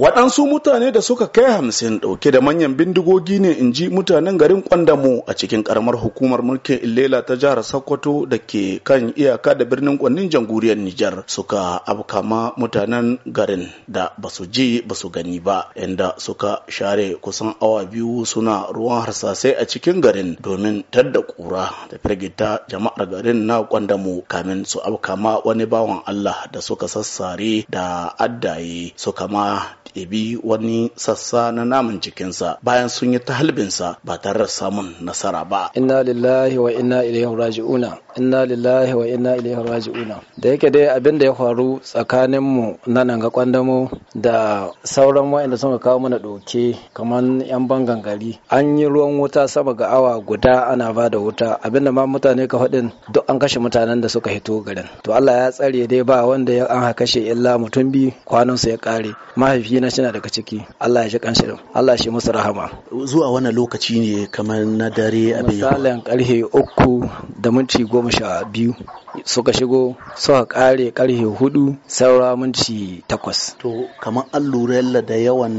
waɗansu mutane da suka kai hamsin ɗauke da manyan bindigogi ne in ji mutanen garin kwandamo a cikin ƙaramar hukumar mulkin illela ta jihar sokoto da ke kan iyaka da birnin kwannin janguriyar nijar suka abkama mutanen garin da ba su ji ba su gani ba inda suka share kusan awa biyu suna ruwan harsasai a cikin garin domin tadda kura da firgita jama'ar garin na kwandamo kamin su abkama wani bawan allah da suka sassare da addaye suka ma Ibi wani sassa na naman jikinsa bayan sun yi ta halbinsa ba tare da samun nasara ba. Inna lillahi wa inna ilaihi raji'una. inna lillahi wa inna ilaihi raji'una da yake dai abin da ya faru tsakanin mu na nan ga kwandamo da sauran wa'anda suka kawo mana doke kamar yan bangan gari an yi ruwan wuta sama ga awa guda ana ba da wuta abin da ma mutane ka faɗin duk an kashe mutanen da suka hito garin to Allah ya tsare dai ba wanda ya an kashe illa mutum bi kwanan sa ya kare mahaifi na shi daga ciki Allah ya shi kanshi Allah shi musu rahama zuwa wannan lokaci ne kamar na dare abin misalin karfe uku da minti goma goma sha biyu suka shigo suka kare karfe hudu saura minti takwas. To kamar an lura da yawan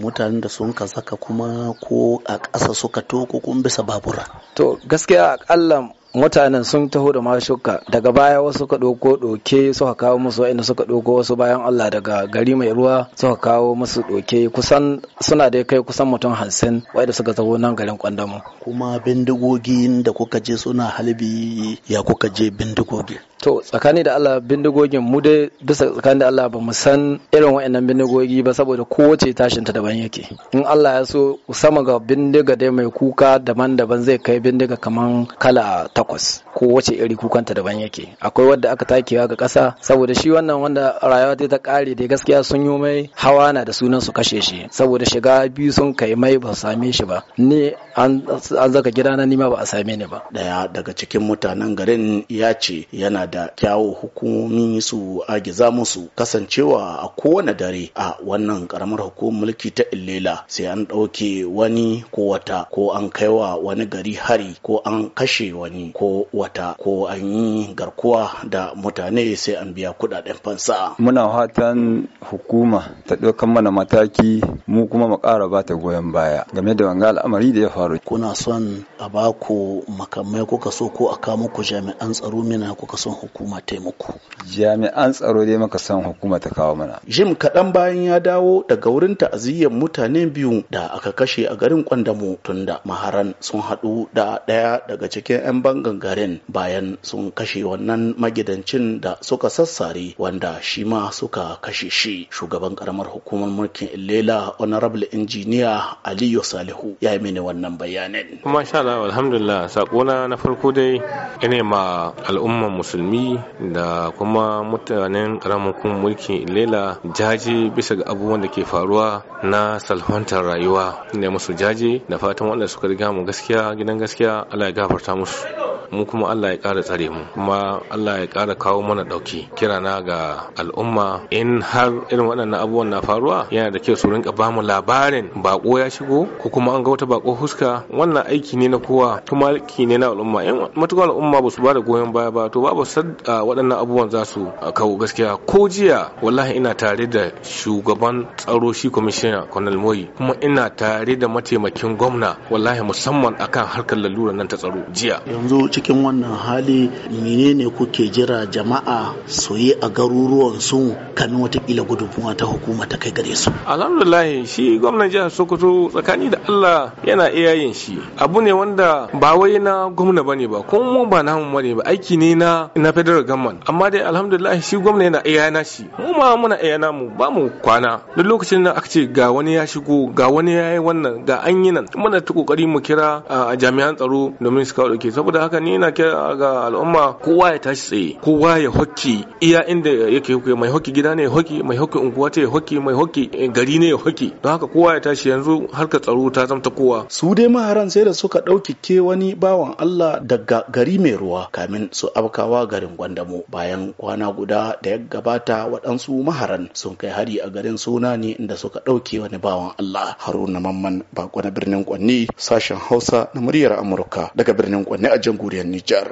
mutanen da sun ka kuma ko a ƙasa suka to ko kuma bisa babura. To gaskiya akalla mutanen sun taho da mashuka daga baya wasu ka ɗauko ɗoke suka kawo musu wa'inda suka ɗauko wasu bayan Allah daga gari mai ruwa suka kawo musu ɗoke kusan suna da kai kusan mutum hamsin wa'inda suka zaho nan garin kwandamu. Kuma bindigogin da kuka je suna halbi ya kuka je bindigogi. To tsakani da Allah bindigogin mu dai bisa tsakani da Allah ba mu san irin wa'annan bindigogi ba saboda kowace tashinta daban yake. In Allah ya so sama ga bindiga dai mai kuka daban-daban zai kai bindiga kaman kala ta takwas wace iri kukanta daban yake akwai wadda aka takewa ga kasa saboda shi wannan wanda rayuwa ta ta ƙare da gaskiya sun yi mai hawa na da sunan su kashe shi saboda shiga biyu sun kai mai ba same shi ba ne an zaka gida na nima ba a same ni ba daya daga cikin mutanen garin ya ce yana da kyawu hukumomi su agiza musu kasancewa a kowane dare a wannan karamar hukumar mulki ta illela sai an ɗauke wani ko wata ko an kaiwa wani gari hari ko an kashe wani ko wata ko an yi garkuwa da mutane sai an biya kudaden fansa muna fatan hukuma ta ɗaukan mana mataki mu kuma mu ƙara ba ta goyon baya game da wanga al'amari da ya faru kuna son a ba ku makamai kuka so ko a kawo muku jami'an tsaro mina kuka son hukuma ta muku jami'an tsaro dai muka son hukuma ta kawo mana jim kaɗan bayan ya dawo daga wurin ta'aziyyar mutane biyu da aka kashe a garin kwandamo tunda maharan sun haɗu da ɗaya daga cikin 'yan banga gangaren bayan sun kashe wannan magidancin da suka sassare wanda shi ma suka kashe shi shugaban karamar hukumar mulkin illela honorable injiniya aliyu salihu ya yi mini wannan bayanin sha Allah alhamdulillah sakona na farko dai ina ma al'umman musulmi da kuma mutanen karamar hukumar mulkin Ilela, Jaji bisa ga abubuwan da ke faruwa na salwantar rayuwa ina musu Jaji da fatan wanda suka riga mu gaskiya gidan gaskiya Allah ya gafarta musu mu kuma Allah ya ƙara tsare mu kuma Allah ya ƙara kawo mana ɗauki kirana ga al'umma in har irin waɗannan abubuwan na faruwa yana da kyau su rinka ba mu labarin bako ya shigo ko kuma an ga wata bako huska wannan aiki ne na kowa kuma aiki ne na al'umma in matuƙar al'umma ba su ba da goyon baya ba to babu sad waɗannan abubuwan za su kawo gaskiya ko jiya wallahi ina tare da shugaban tsaro shi kwamishina Colonel Moyi kuma ina tare da mataimakin gwamna wallahi musamman akan harkar lalura nan ta tsaro jiya yanzu cikin wannan hali menene kuke jira jama'a soye a garuruwan su kamin watakila gudunmuwa ta hukuma ta kai gare su alhamdulillah shi gwamnan jihar sokoto tsakani da allah yana iya yin shi abu ne wanda ba wai na gwamna bane ba kuma mu ba namu bane ba aiki ne na na federal government amma dai alhamdulillah shi gwamna yana iya na shi mu ma muna iya mu ba mu kwana duk lokacin da aka ce ga wani ya shigo ga wani ya yi wannan ga an yi nan muna ta kokari mu kira a jami'an tsaro domin su kawo dauke saboda haka ni na kira ga al'umma kowa ya tashi tsaye kowa ya hoki iya inda yake hoki mai hoki gida ne hoki mai hoki unguwa ta hoki mai hoki eh, gari ne hoki don haka kowa ya tashi yanzu harkar tsaro ta zamta kowa su dai maharan sai da suka ɗauki ke wani bawan Allah daga gari mai ruwa kamin su abkawa garin Gwandamo bayan kwana guda da ya gabata waɗansu maharan sun kai hari a garin suna ne inda suka ɗauke wani bawan Allah Haruna Mamman bako na birnin Kwanni sashen Hausa na muryar Amurka daga birnin Kwanni a jamhuriyar jamhuriyar Nijar.